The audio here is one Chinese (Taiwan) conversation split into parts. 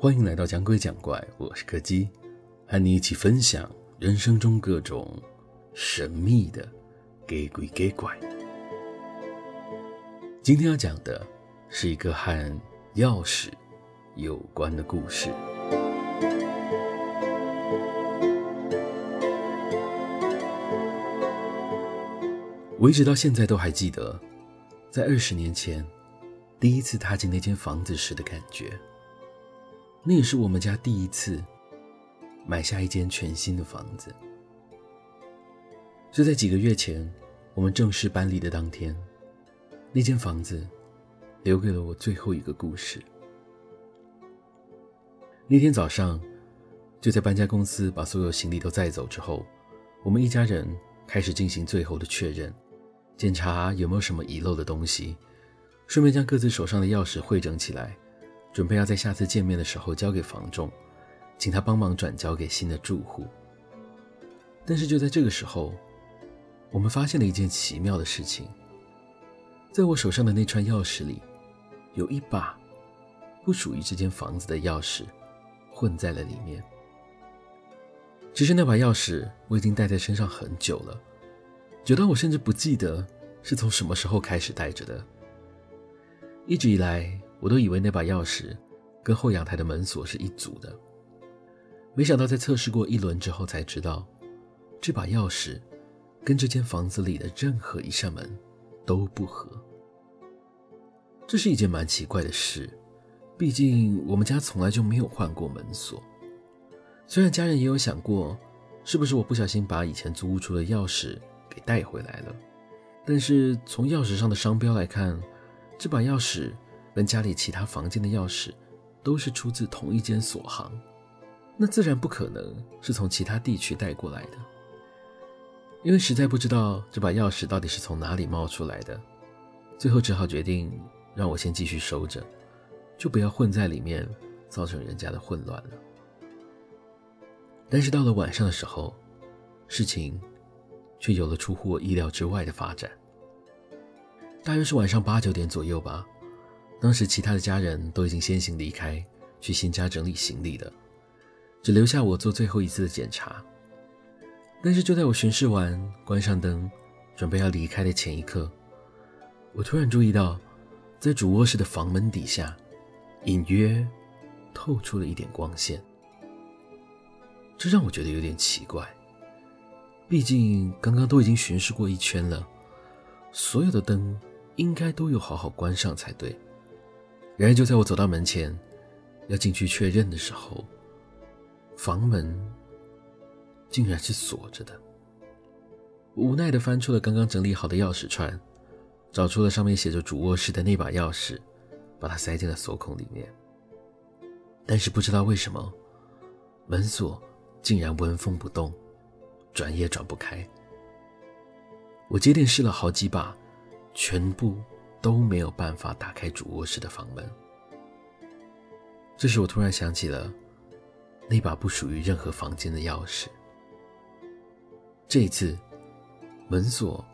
歡迎來到講鬼講怪，我是柯基，和你一起分享人生中各種神秘的給鬼給怪。今天要講的是一個和鑰匙有關的故事。我一直到現在都還記得，在二十年前第一次踏進那間房子時的感覺。那也是我們家第一次買下一間全新的房子。就在幾個月前，我們正式搬離的當天，那間房子留給了我最後一個故事。那天早上，就在搬家公司把所有行李都載走之後，我們一家人開始進行最後的確認，檢查有沒有什麼遺漏的東西，順便將各自手上的鑰匙匯整起來，準備要在下次見面的時候交給房仲，請他幫忙轉交給新的住戶。但是就在這個時候，我們發現了一件奇妙的事情：在我手上的那串鑰匙裡，有一把不屬於這間房子的鑰匙混在了裡面。只是那把鑰匙我已經帶在身上很久了，久到我甚至不記得是從什麼時候開始帶着的。一直以來，我都以為那把鑰匙跟後陽台的門鎖是一組的，沒想到在測試過一輪之後才知道，這把鑰匙跟這間房子裡的任何一扇門都不合。這是一件蠻奇怪的事，畢竟我們家從來就沒有換過門鎖。雖然家人也有想過，是不是我不小心把以前租屋處的鑰匙給帶回來了，但是從鑰匙上的商標來看，這把鑰匙跟家裡其他房間的鑰匙都是出自同一間鎖行，那自然不可能是從其他地區帶過來的，因為實在不知道這把鑰匙到底是從哪裡冒出來的，最後只好決定讓我先繼續收着，就不要混在裡面，造成人家的混亂了。但是到了晚上的時候，事情卻有了出乎我意料之外的發展，大約是晚上八九點左右吧。當時，其他的家人都已經先行離開，去新家整理行李了，只留下我做最後一次的檢查。但是，就在我巡視完、關上燈、準備要離開的前一刻，我突然注意到，在主臥室的房門底下，隱約透出了一點光線。這讓我覺得有點奇怪，畢竟剛剛都已經巡視過一圈了，所有的燈應該都有好好關上才對。然而，就在我走到門前，要進去確認的時候，房門竟然是鎖着的。無奈地翻出了剛剛整理好的鑰匙串，找出了上面寫着“主臥室”的那把鑰匙，把它塞進了鎖孔裡面。但是不知道為什麼，門鎖竟然紋風不動，轉也轉不開。我接連試了好幾把，全部。都沒有辦法打開主臥室的房門。這時，我突然想起了那把不屬於任何房間的鑰匙。這一次，門鎖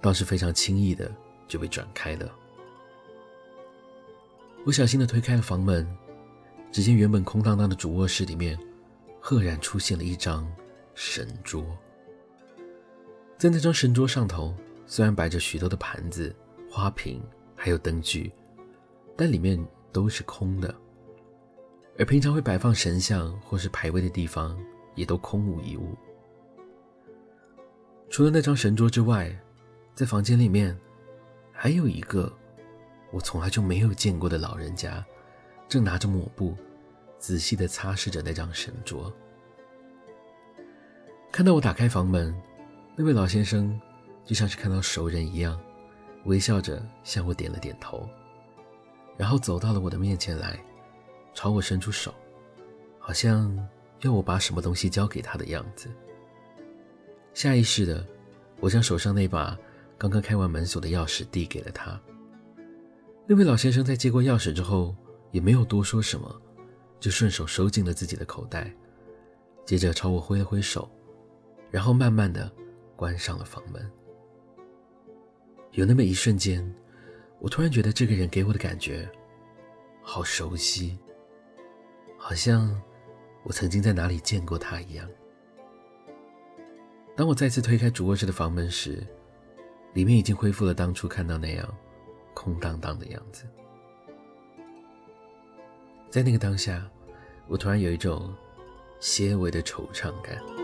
倒是非常輕易的就被轉開了。我小心的推開了房門，只見原本空蕩蕩的主臥室裡面，赫然出現了一張神桌。在那張神桌上頭，雖然擺着許多的盤子，花瓶還有燈具，但裡面都是空的，而平常會擺放神像或是牌位的地方也都空無一物。除了那張神桌之外，在房間裡面還有一個我從來就沒有見過的老人家，正拿着抹布仔細地擦拭着那張神桌。看到我打開房門，那位老先生就像是看到熟人一樣，微笑着向我點了點頭，然後走到了我的面前來，朝我伸出手，好像要我把什麼東西交給他的樣子。下意識的，我將手上那把剛剛開完門鎖的鑰匙遞給了他。那位老先生在接過鑰匙之後，也沒有多說什麼，就順手收進了自己的口袋，接着朝我揮了揮手，然後慢慢的關上了房門。有那麼一瞬間，我突然覺得這個人給我的感覺好熟悉，好像我曾經在哪裡見過他一樣。當我再次推開主臥室的房門時，裡面已經恢復了當初看到那樣空蕩蕩的樣子。在那個當下，我突然有一種些微的惆悵感。